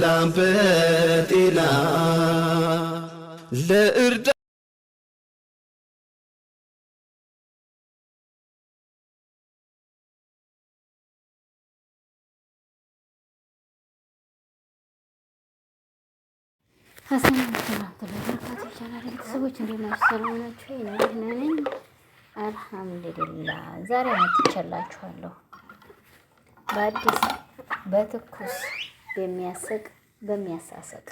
በሰላም በጤና ለእርዳ አሰላም ቤተሰቦች እንዴት ናችሁ? ሰላም ናችሁ? ደህና ነኝ አልሐምዱሊላህ። ዛሬ መጥቻላችኋለሁ በአዲስ በትኩስ በሚያስቅ በሚያሳስቅ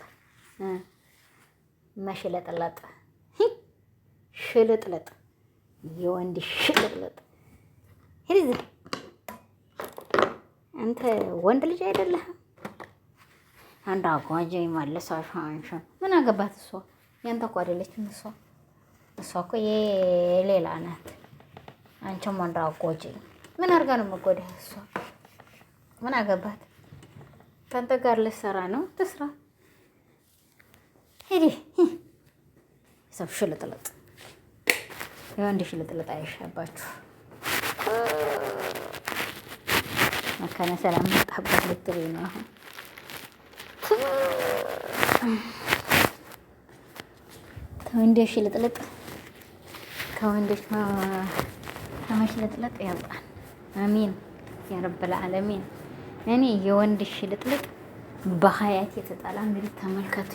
መሽለጥለጥ ሽልጥልጥ የወንድ ሽልጥልጥ ሄዚ አንተ ወንድ ልጅ አይደለህም። አንድ አጓጀ ይመልሳል። አንቺን ምን አገባት እሷ? ያንተ እኮ አይደለችም እሷ እሷ እኮ የሌላ ናት። አንቺም አንድ አጓጀ ምን አድርጋ ነው መጎዳ እሷ ምን አገባት? ከአንተ ጋር ልሰራ ነው ትስራ። ሄዲ ሰው ሽልጥልጥ የወንድ ሽልጥልጥ አይሻባችሁ። መካነ ሰላም መጣበት ልትሪ ነው አሁን ከወንዶች ሽልጥልጥ ከወንዶች ከመሽልጥልጥ ያውጣን። አሚን ያረበል ዓለሚን እኔ የወንድ ሽልጥልጥ በሀያት የተጣላ እንግዲህ ተመልከቱ።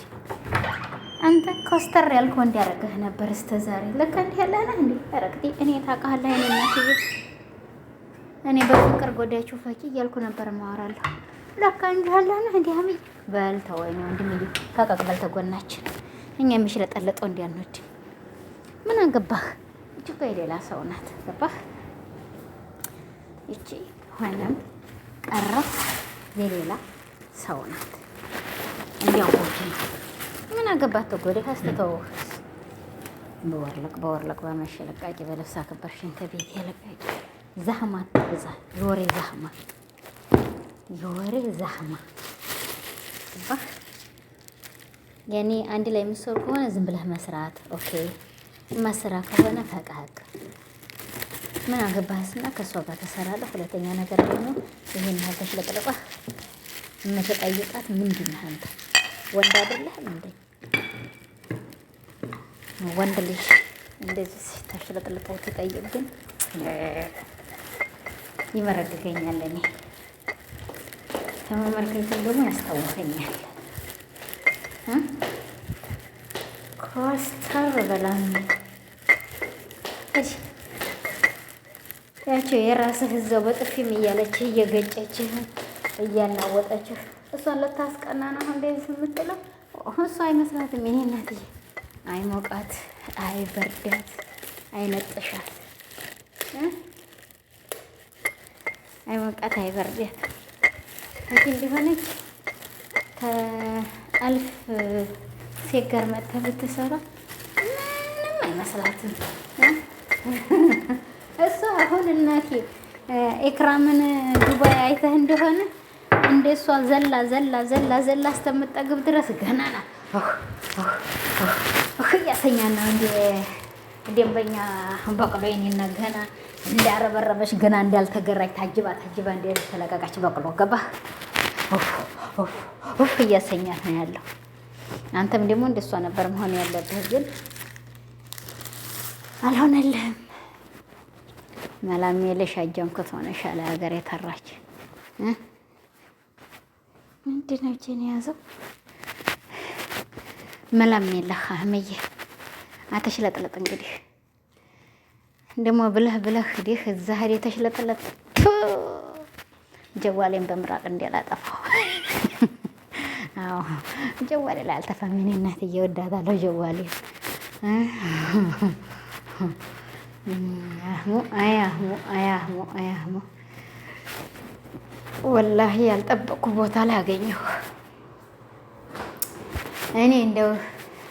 አንተ ኮስተር ያልክ ወንድ ያረገህ ነበር እስከ ዛሬ። ልክ እንዲህ ያለ እንዲ እንዴ? ረቅቲ እኔ ታውቃለህ። እኔ እናትዬ እኔ በፍቅር ጎዳችሁ ፈቂ እያልኩ ነበር ማወራለሁ። ለካ እንዲህ ያለ እንዲ እንዴ? በልተ ወይ ወንድም ይ ምንድን ካቀቅበል ተጎናችን እኛ የሚሽለጠለጠው እንዲ ያንወድ ምን አገባህ? እጅ ጋር የሌላ ሰው ናት። ገባህ? ይቺ ሆነም ቀረፍ የሌላ ሰው ናት። እንዲያው ምን አገባት ተጎዴ ከስተተው በወርለቅ በወርለቅ በመሸ ለቃቂ በለብሳ ከበርሽን ከቤት የለቃቂ ዛህማ ትብዛ የወሬ ዛህማ የወሬ ዛህማ ባህ ያኔ አንድ ላይ የምትሰሩ ከሆነ ዝም ብለህ መስራት ኦኬ። መስራ ከሆነ ፈቃቅ ምን አገባህስና ከእሷ ጋር ትሰራለህ። ሁለተኛ ነገር ደግሞ ይሄን ያህል ለቅለቋህ የምትጠይቃት ምንድን ነህ አንተ? ወንድ አይደለህም እንዴ? ወንድ ልጅ እንደዚህ ሲታሽለጥልጠው ትጠይቅ ግን ይመረግገኛል። እኔ ከመመልከትን ደግሞ ያስታውሰኛል። ኮስተር በላም እሺ ያቸው የራስህ እዛው በጥፊም እያለችህ እየገጨችህ እያናወጠችህ እሷን ልታስቀና ነው አሁን እንደዚህ የምትለው። እሷ አይመስላትም። የኔ እናትዬ አይሞቃት፣ አይበርዳት፣ አይነጥሻት፣ አይሞቃት፣ አይበርዳት እቺ እንዲሆነች ከአልፍ ሴት ጋር መጥተህ ብትሰራ ምንም አይመስላትም። እሱ አሁን እናቴ ኤክራምን ዱባይ አይተህ እንደሆነ እንደ እሷ ዘላ ዘላ ዘላ ዘላ እስከምጠግብ ድረስ ገና ናት። እያሰኛ ነው እንደ ደንበኛ በቅሎ የኔና ገና እንዳረበረበች ገና እንዳልተገራች ታጅባ ታጅባ እንደተለቀቀች በቅሎ ገባ እያሰኛት ነው ያለው። አንተም ደግሞ እንደሷ ነበር መሆን ያለብህ፣ ግን አልሆነልህም። መላም የለሽ አጃንኩት ሆነሻል። ሀገር የተራች ምንድን ነው እጄን የያዘው? መላም የለህ አህመዬ፣ አተሽለጥለጥ እንግዲህ ደግሞ ብለህ ብለህ ዲህ እዛ ሄደህ ተሽለጥለጥ ጀዋሌን በምራቅ እንዲያላጠፋው አዎ ጀዋሌ ላይ አልተፋም። እኔ እናትዬ ወዳታለሁ ጀዋሌ አህሙ አይ ወላሂ ቦታ ላይ አገኘሁ። እኔ እንደው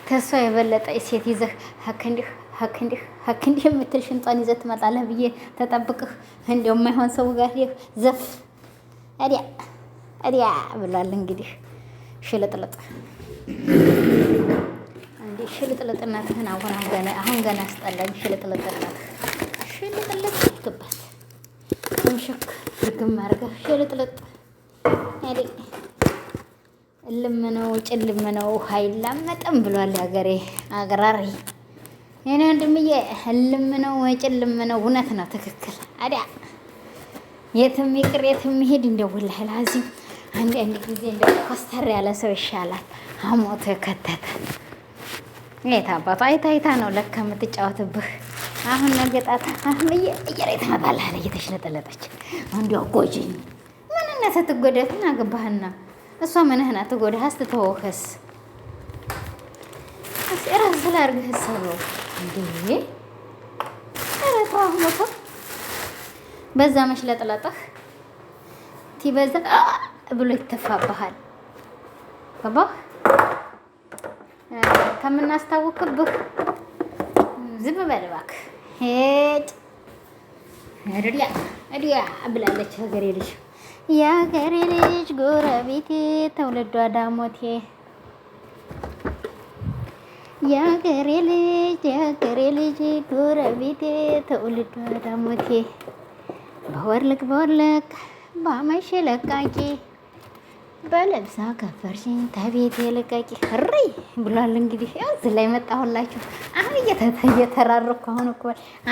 ተሷ የበለጠ ሴት ይዘህ ሀክ እንዲህ ሀክ የምትል ሽንጧን ይዘህ ትመጣለህ ብዬ ተጠብቅህ እንደው የማይሆን ሰው ጋር ዘፍ ብሏል። እንግዲህ ሽልጥልጥ እንዴ ሽልጥልጥነትህን አሁን አሁን ገና አሁን ገና አስጠላኝ አስገባት። ምሽክ ድግም አድርገህ ሽልጥልጥ ያለ እልም ነው ጭልም ነው አይላመጥም ብሏል ያገሬ አግራሪ። የኔ ወንድምዬ እልም ነው ጭልም ነው እውነት ነው ትክክል። አዲያ የትም ይቅር የትም ይሄድ እንደውላ ወላሂ ላዚም አንድ አንድ ጊዜ እንደው ኮስተር ያለ ሰው ይሻላል። አሞቶ ከተተ የት አባቱ አይታ አይታ ነው ለካ የምትጫወትብህ አሁን ነገጣት አሁን እየራይ ትመጣልህ እየተሽለጠለጠች እንዲያው ምንነት ትጎደት ስትጎዳትን አገባህና እሷ ምንህና ናት ትጎዳህ ስትተወኸስ ራስ ስላርግህ ሰበው እንዴ ረትራሁ ሞቶ በዛ መሽለጥለጠህ ቲበዛ ብሎ ይተፋብሃል ገባህ ከምናስታውቅብህ ዝም በል እባክህ ሄድ እድያ እድያ ብላለች ሀገሬ ልጅ የሀገሬ ልጅ ጎረቤቴ ተውለዷ ዳሞቴ የሀገሬ ልጅ የሀገሬ ልጅ ጎረቤቴ ተውልዷ ዳሞቴ በወርልቅ በወርልቅ በአመሽ ለቃቂ በለብሳ ከፈርሽኝ ተቤት የለቀቂ ሪ ብሏል። እንግዲህ ያው እዚህ ላይ መጣሁላችሁ። አሁን እየተራረኩ አሁን እኮ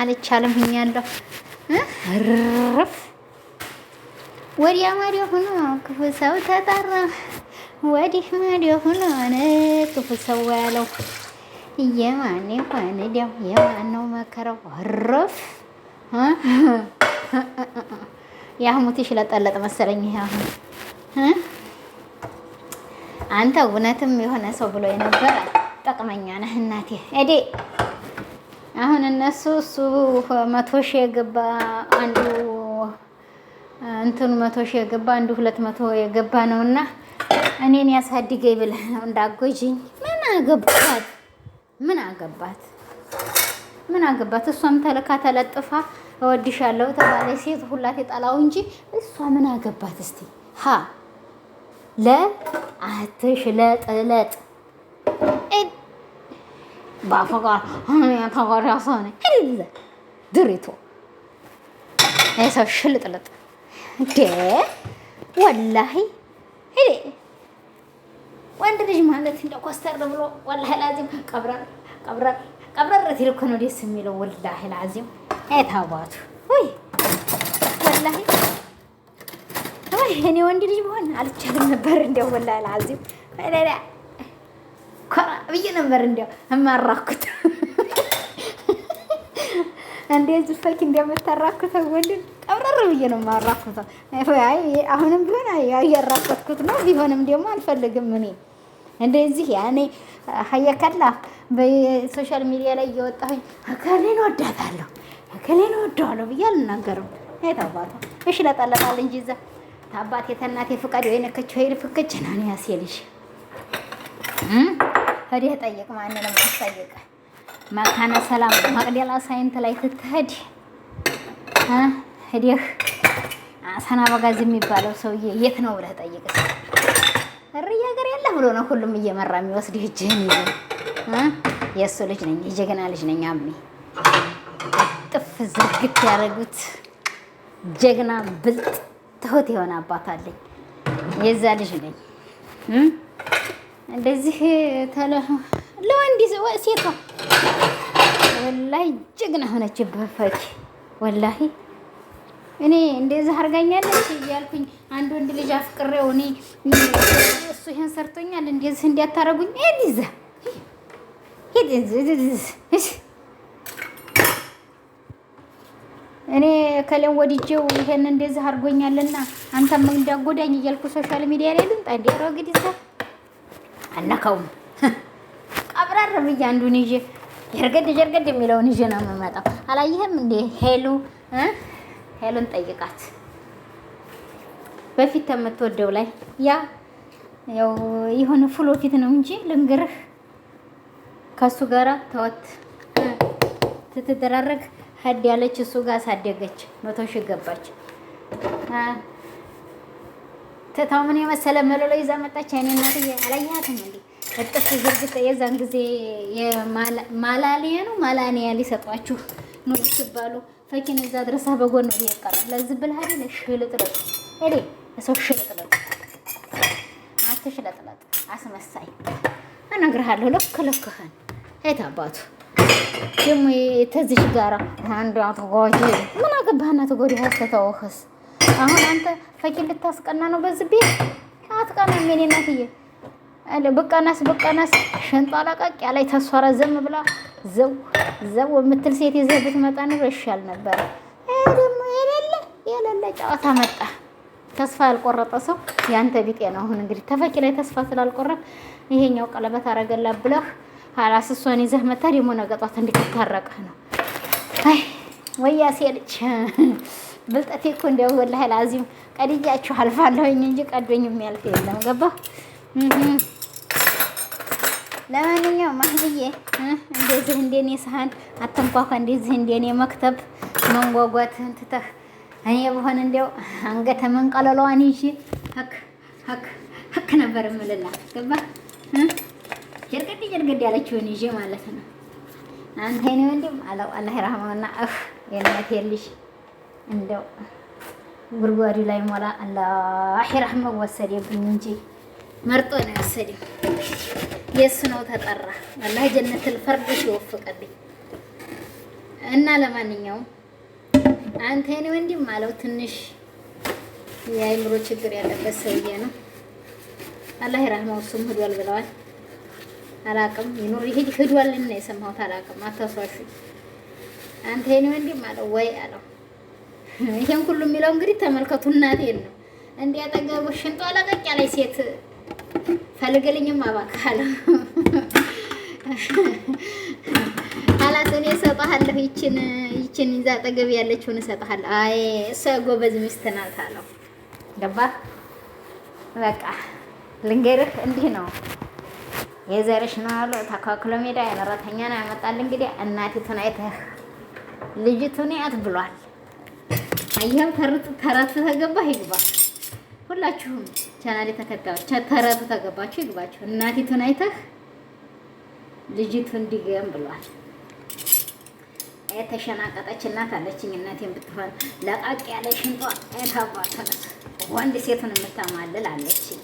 አልቻለም ሆኛለሁ። ርፍ ወዲያ ማዲያ ሆኖ ክፉ ሰው ተጠራ፣ ወዲህ ማዲያ ሆኖ ነ ክፉ ሰው ያለው የማን የማን ዲያው የማን ነው መከረው። ርፍ ያህሙትሽ ለጠለጥ መሰለኝ አሁን አንተ እውነትም የሆነ ሰው ብሎ የነበረ ጠቅመኛ ነህ እናቴ እዴ። አሁን እነሱ እሱ መቶ ሺህ የገባ አንዱ እንትኑ መቶ ሺህ የገባ አንዱ ሁለት መቶ የገባ ነውና እኔን ያሳድገኝ ብለህ ነው እንዳጎጂኝ። ምን አገባት? ምን አገባት? ምን አገባት? እሷም ተልካ ተለጥፋ እወድሻለሁ ተባለ ሴት ሁላት የጠላው እንጂ እሷ ምን አገባት? እስቲ ሃ ለአትሽለጥለጥ በአፈቃር ተጓዳ ሰሆነ ድሪቶ ሰው ሽልጥልጥ እንዴ ወላሂ ወንድ ልጅ ማለት እንደ ኮስተር ብሎ ወላሂ ላዚም ቀብረር ቀብረር ቀብረር ትልኮ ነው ደስ የሚለው ወላሂ ላዚም የታባቱ ወይ ወላሂ እኔ ወንድ ልጅ መሆን አልቻልም ነበር። እንዲያው ወላሂ አልዓዚም ኮራ ብዬ ነበር እንዲያው እማራኩት እንዴ ዝፈኪ እንደምታራኩተው ወንድ ቀብረር ብዬ ነው የማራኩተው። አሁንም ቢሆን እያራኩትኩት ነው። ቢሆንም ደግሞ አልፈልግም እኔ እንደዚህ ያኔ ሀየከላ በሶሻል ሚዲያ ላይ እየወጣሁኝ እከሌን ወዳታለሁ እከሌን ወደዋለሁ ብዬ አልናገርም። የተባታ እሽ ለጠለጣል እንጂ እዛ ታባት የተናቴ የፍቃድ ወይ ነከች ወይ ፍክች ነው ነው ያሴልሽ ሄደህ ጠይቅ። ማንንም አስጠይቅ። መካነ ሰላም መቅደላ ሳይንት ላይ ትትሄድ ሄዲህ አሰና በጋዝ የሚባለው ሰውዬ የት ነው ብለህ ጠይቅ። እሪ ሀገር የለ ብሎ ነው ሁሉም እየመራ የሚወስድህ እጅህን ይዞ የእሱ ልጅ ነኝ የጀግና ልጅ ነኝ አምኔ ጥፍ ዝርግት ያደረጉት ጀግና ብልጥ ትሁት የሆነ አባት አለኝ። የዛ ልጅ ነኝ። እንደዚህ ተለ ለወንድ ሴቷ ወላሂ ጀግና ሆነች በፈኪ ወላሂ እኔ እንደዚህ አድርጋኛለች እያልኩኝ አንድ ወንድ ልጅ አፍቅሬው እኔ እሱ ይሄን ሰርቶኛል እንደዚህ እንዲያታረጉኝ ሄድ ይዛ ሄድ እኔ ከለም ወድጄው ይሄን እንደዚህ አድርጎኛልና አንተም እንዳጎዳኝ እያልኩ ሶሻል ሚዲያ ላይ ልምጣ እንዴ? ኧረ እንግዲህ ሰ አልነካውም። ቀብረር ብዬ አንዱን ይዤ ጀርገድ ጀርገድ የሚለውን ይዤ ነው የምመጣው። አላየህም እንዴ? ሄሉ ሄሉን ጠይቃት በፊት ከምትወደው ላይ ያ ያው የሆነ ፍሎ ፊት ነው እንጂ ልንገርህ ከሱ ጋራ ተወት ትትደራረግ ሀድ ያለች እሱ ጋር ሳደገች መቶ ሺህ ገባች። ትታው ምን የመሰለ መለሎ ይዛ መጣች። አይኔ እናት አላየሃትም እንዴ? እጥፍ ዝርግት የዛን ጊዜ ማላሊየ ነው ማላኒያ ሊሰጧችሁ ኑሩ ሲባሉ ፈኪን እዛ ድረሳ በጎን ነው ይቀር ለዚህ ብል ሀዲ ለሽልጥለጥ እዴ ሰው ሽልጥለጥ አትሽለጥለጥ አስመሳይ እነግርሃለሁ። ልክ ልክህን የት አባቱ ደግሞ ተዚሽ ጋራ አንዷ ተጎጂ ምን አገባህና ተጎዲ ሀስተታወክስ አሁን አንተ ፈኪን ልታስቀና ነው በዚህ ቤት አትቀናም። የኔ እናትዬ ብቀናስ ብቀናስ ሸንጧላ ቀቅ ያላይ ተሷራ ዘም ብላ ዘው ዘው የምትል ሴት ይዘህ ብትመጣ ኑሮ ይሻል ነበር። ደግሞ የሌለ የሌለ ጨዋታ መጣ። ተስፋ ያልቆረጠ ሰው ያንተ ቢጤ ነው። አሁን እንግዲህ ተፈቂ ላይ ተስፋ ስላልቆረጥ ይሄኛው ቀለበት አረገላ ብለህ አራስ እሷን ይዘህ መታ ደግሞ ነገ ጧት እንድትታረቅህ ነው። አይ ወያ ሴልች ብልጠቴ እኮ እንዲያው ወላሂ ላዚም ቀድያችሁ አልፋለሁኝ እንጂ ቀዶኝ የሚያልፍ የለም። ገባ ለማንኛውም ማህብዬ እንደዚህ እንደኔ ሰሀን አተንኳኳ፣ እንደዚህ እንደኔ መክተብ መንጓጓትህን ትተህ እኔ በሆን እንዲያው አንገተ መንቀለሏዋን ይዤ ህክ ህክ ህክ ነበር የምልላት ገባ ጀርቅድ ጀርቅድ ያለችውን ይዤ ማለት ነው። አንተ የኔ ወንድም አለው አላህ ይራህመውና እህ የእናቴ ልጅ እንደው ጉርጓዱ ላይ ሞላ አላህ ይራህመው ወሰደብኝ እንጂ መርጦ ነው ወሰደ። የእሱ ነው ተጠራ። አላህ ጀነትል ፈርድ ይወፍቀልኝ እና ለማንኛውም አንተ የኔ ወንድም አለው ትንሽ የአይምሮ ችግር ያለበት ሰውዬ ነው። አላህ ይራህመው እሱም ሂዷል ብለዋል። አላቅም ይኑር ይሄድ እና የሰማሁት አላቅም። አታሷሹ አንተ የኔ ወንድም አለው ወይ አለው። ይሄን ሁሉ የሚለው እንግዲህ ተመልከቱ። እናቴን ነው እንዲህ ያጠገቡ ሽንጧ አለቀቅ ያለ ሴት ፈልግልኝም አባካለ አለው። አላት እኔ እሰጥሃለሁ፣ ይችን ይችን ይዛ አጠገብ ያለችውን እሰጥሃለሁ። አይ እሷ ጎበዝ ሚስት ናት አለው። ገባህ በቃ ልንገርህ እንዲህ ነው የዘርሽ ነው አሉ ተካክሎ ሜዳ ነው ያመጣል። እንግዲህ እናቲቱን አይተህ ልጅቱን ያት ብሏል። አየኸው ተረቱ ተረቱ ይግባ። ሁላችሁም ቻናሌ ተከታዮች ተረቱ ተገባችሁ ይግባችሁ። እናቲቱን አይተህ ልጅቱ ዲገም ብሏል። የተሸናቀጠች እናት አለችኝ። እናቴን ብትሆን ለቃቅ ያለ ሽንጧ ወንድ ሴቱን የምታማልል አለችኝ።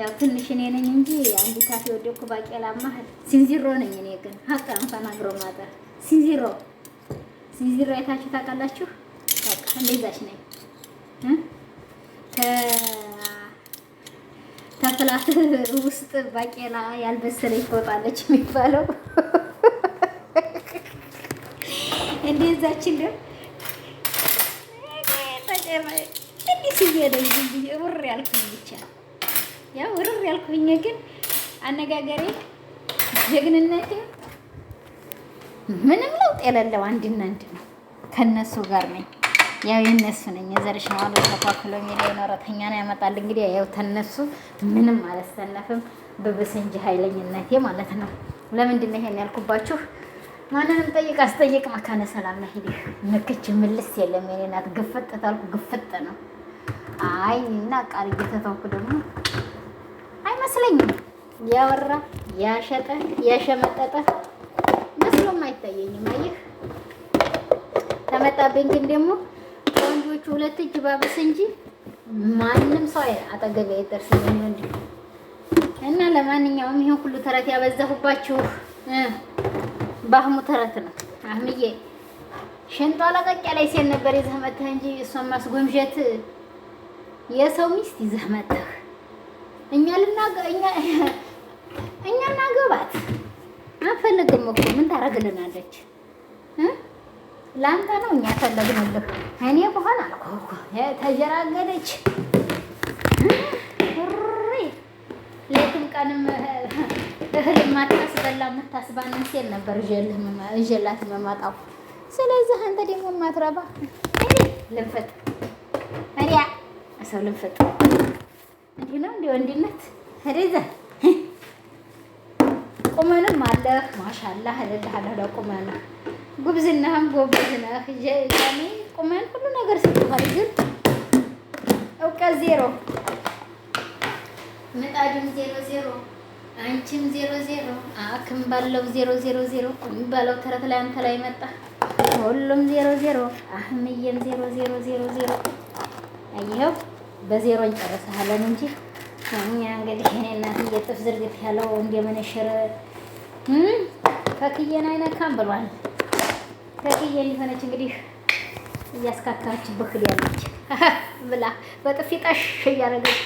ያው ትንሽ እኔ ነኝ እንጂ አንድ ካፌ ወደኩ ባቄላማ ሲንዚሮ ነኝ እኔ ግን ሀቅ አግሮ ማጠር ሲንዚሮ ሲንዚሮ አይታችሁ ታውቃላችሁ? በቃ እንደዛሽ ነኝ ተፍላት ውስጥ ባቄላ ያልበሰለች ትወጣለች የሚባለው እንደዛችን ደም እንዲህ ስዬ ብዬ ውር ያልኩኝ ብቻ ያው ውርር ያልኩኝ ግን አነጋገሬ ጀግንነቴ ምንም ለውጥ የሌለው አንድና አንድ ነው። ከነሱ ጋር ነኝ። ያው የነሱ ነኝ። የዘርሽ ማሉ ተኳክሎ ሚዲያ ይኖረተኛ ነው ያመጣል። እንግዲህ ያው ተነሱ ምንም አላስተነፍም ብብስ እንጂ ኃይለኝነቴ ማለት ነው። ለምንድን ነው ይሄን ያልኩባችሁ? ማንንም ጠይቅ አስጠይቅ መካነ ሰላም ነው። ሂድ ንክች ምልስ የለም የኔ ናት። ግፍጥ ታልኩ ግፍጥ ነው። አይ እና ቃል እየተተውኩ ደግሞ አይመስለኝም። ያወራ ያሸጠ ያሸመጠጠ መስሎም አይታየኝም። አየህ ተመጣብኝ። ግን ደግሞ ወንዶቹ ሁለት እጅ ባብስ እንጂ ማንም ሰው አጠገብ አይደርስም ወንድ እና ለማንኛውም ይሄን ሁሉ ተረት ያበዛሁባችሁ በአህሙ ተረት ነው። አህምዬ ሽንጧ ለቀቅ ያለች ሴት ነበር ይዘህ መተህ እንጂ እሷን ማስጎምዠት የሰው ሚስት ይዘህ እኛ እናገባት አንፈልግም እኮ ምን ታደርግልናለች? ለአንተ ነው እኛ ፈለግንልህ። እኔ በኋላ እኮ ተጀራገደች ሌትም ቀንም እህል ማታስበላ የምታስባንን ነበር ስለዚህ አንተ ደግሞ ልንፍጥ ሰው ልንፍጥ እንዲህ ነው እንዲህ ወንድነት እንደዚያ ቁመንም አለህ ማሻላህ እልልሃለሁ ለቁመንህ ጉብዝናህም ጎበዝ ነህ ጀኔ ቁመን ሁሉ ነገር ስትሆን ግን እውቀት ዜሮ ምጣድም ዜሮ ዜሮ አንቺም ዜሮ ዜሮ አክም ባለው ዜሮ ዜሮ ዜሮ የሚባለው ተረት ላይ አንተ ላይ መጣ። ሁሉም ዜሮ ዜሮ አህምዬም ዜሮ ዜሮ ዜሮ ዜሮ አየኸው። በዜሮ እንጨርሰሃለን እንጂ እኛ እንግዲህ እኔ እናት እየጥፍ ዝርግት ያለው እንደመነሸረ ፈክዬን አይነካም ብሏል። ፈክዬን የሆነች እንግዲህ እያስካካች ብክል ያለች ብላ በጥፊ ጠሽ እያደረገች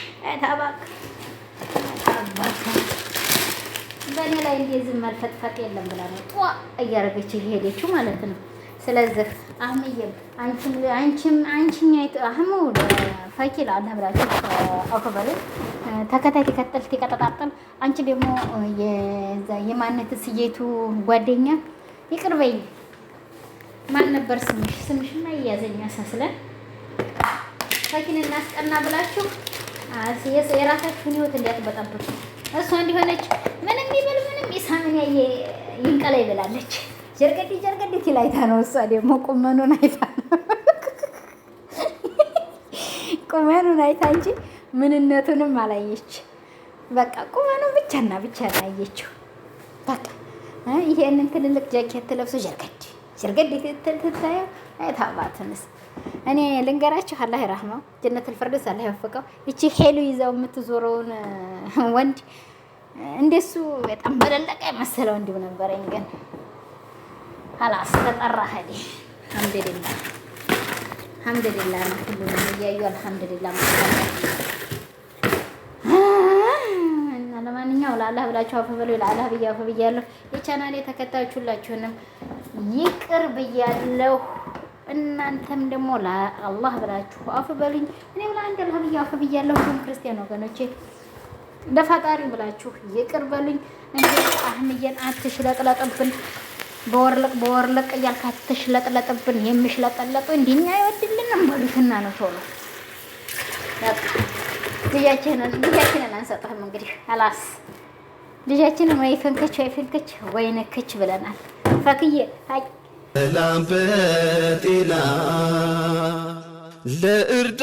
ታባክ በእኔ ላይ እንደዚህ መልፈጥፈጥ የለም ብላ ነው ጧ እያደረገች እየሄደችው ማለት ነው። ስለዚህ አህምዬም አንቺም አንቺም አህሙ ፈኪል አልነብራችሁ አከበለ ተከታይ ተከተል ተቀጣጣጠል አንቺ ደግሞ የማነት ስዬቱ ጓደኛ ይቅርበኝ። ማን ነበር ስምሽ? ስምሽማ እያዘኝ ያሳስለን። ፈኪን እናስቀና ብላችሁ የራሳችሁን ህይወት እንዲያትበጠብጡ እሷ እንዲሆነች ምንም ይበል ምንም ይሳምን ያየ ይንቀላይ ይበላለች። ጀርገዲ ጀርገዲ ቲል አይታ ነው። እሷ ደግሞ ቁመኑን አይታ ነው። ቁመኑን አይታ እንጂ ምንነቱንም አላየች። በቃ ቁመኑን ብቻና ብቻ ላየችው። በቃ ይሄንን ትልልቅ ጃኬት ለብሶ ጀርገድ ጀርገድ ትታየው አይታባትንስ እኔ ልንገራችሁ፣ አላህ ይራህመው፣ ጀነት ፈርደውስ አላህ ይወፍቀው። እቺ ሄሉ ይዘው የምትዞረውን ወንድ እንደሱ በጣም በለለቀ መሰለው እንዲሁ ነበረኝ ግን ሀላስ ተጠራ ሄደ። አልሐምዱሊላ አልሐምዱሊላ ነው። ሁሉንም እያዩ አልሐምዱሊላ እና ለማንኛው ለአላህ ብላችሁ አፍ በሉ። ለአላህ ብዬ ብያለሁ። የቻናሌ ተከታዮች ሁላችሁንም ይቅር ብያለሁ። እናንተም ደግሞ ለአላህ ብላችሁ አፍ በሉኝ። እኔም ለአንድ አላህ ብዬ አፍ ብያለሁ። ሁሉም ክርስቲያን ወገኖቼ ለፈጣሪ ብላችሁ ይቅር በሉኝ። አህምዬን አትሽለጥለጥብን በወርልቅ በወርልቅ እያልክ አትሽለጥለጥብን። የሚሽለጠለጡ እንዲኛ አይወድልንም በሉትና ነው ቶሎ በቃ ልጃችንን ልጃችንን አንሰጥህም። እንግዲህ አላስ ልጃችንን ወይ ፍንክች ወይ ፍንክች ወይ ንክች ብለናል። ፈክዬ ሰላም በጤና ለእርዳ